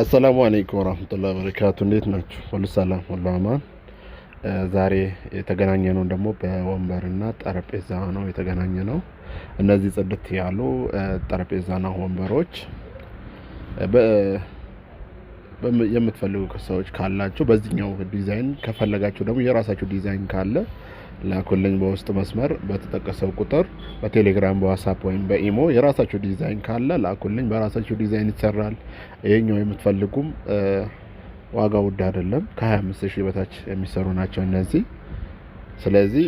አሰላሙ አለይኩም ወራህመቱላሂ ወበረካቱ። እንዴት ናችሁ? ሁሉ ሰላም፣ ሁሉ አማን። ዛሬ የተገናኘ ነው ደግሞ በወንበርና ጠረጴዛ ነው የተገናኘ ነው። እነዚህ ጽድት ያሉ ጠረጴዛና ወንበሮች የምትፈልጉ ሰዎች ካላችሁ በዚህኛው ዲዛይን ከፈለጋችሁ ደግሞ የራሳችሁ ዲዛይን ካለ ላኩልኝ በውስጥ መስመር በተጠቀሰው ቁጥር በቴሌግራም በዋትሳፕ ወይም በኢሞ የራሳችሁ ዲዛይን ካለ ላኩልኝ። በራሳችሁ ዲዛይን ይሰራል። ይሄኛው የምትፈልጉም ዋጋ ውድ አይደለም። ከ25 ሺህ በታች የሚሰሩ ናቸው እነዚህ። ስለዚህ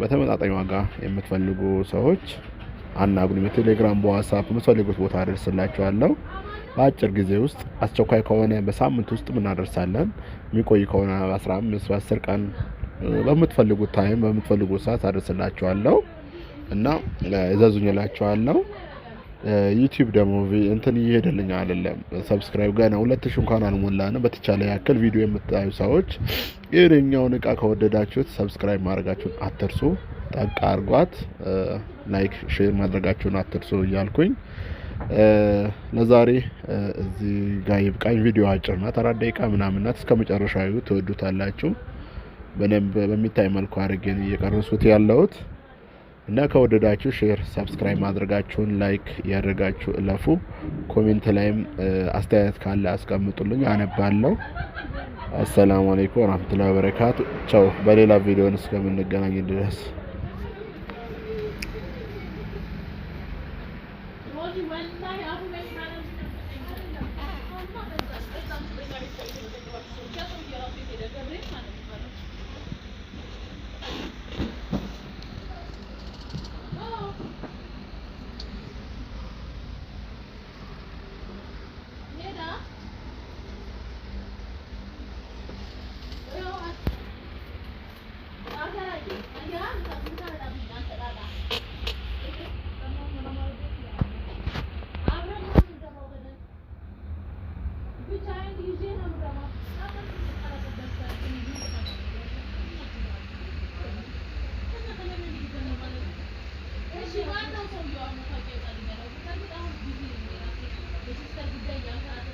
በተመጣጣኝ ዋጋ የምትፈልጉ ሰዎች አናግኑ በቴሌግራም በዋትሳፕ የምትፈልጉት ቦታ አደርስላችኋለሁ። በአጭር ጊዜ ውስጥ አስቸኳይ ከሆነ በሳምንት ውስጥ እናደርሳለን። የሚቆይ ከሆነ 15 በ10 ቀን በምትፈልጉት ታይም በምትፈልጉት ሰዓት አደርስላችኋለሁ እና እዘዙኝ እላችኋለሁ። ዩቲዩብ ደግሞ እንትን እየሄደልኝ አይደለም። ሰብስክራይብ ገና ሁለት ሺ እንኳን አልሞላንም። በተቻለ ያክል ቪዲዮ የምታዩ ሰዎች የእኛውን እቃ ከወደዳችሁት ሰብስክራይብ ማድረጋችሁን አትርሱ። ጠቅ አርጓት፣ ላይክ፣ ሼር ማድረጋችሁን አትርሱ እያልኩኝ ለዛሬ እዚህ ጋር ይብቃኝ። ቪዲዮ አጭር ናት፣ አራት ደቂቃ ምናምን ናት። እስከ መጨረሻ ትወዱታላችሁ። በደንብ በሚታይ መልኩ አድርገን እየቀረሱት ያለሁት እና ከወደዳችሁ ሼር፣ ሰብስክራይብ ማድረጋችሁን ላይክ ያደርጋችሁ እለፉ። ኮሜንት ላይም አስተያየት ካለ አስቀምጡልኝ፣ አነባለሁ። አሰላሙ አለይኩም ወራህመቱላሂ ወበረካቱ። ቻው። በሌላ ቪዲዮን እስከምንገናኝ ድረስ ዋናው ሰውዬው አሁን ታውቂያለሽ፣ አሁን ጊዜ ነው የራሴ በሲስተር ጉዳይ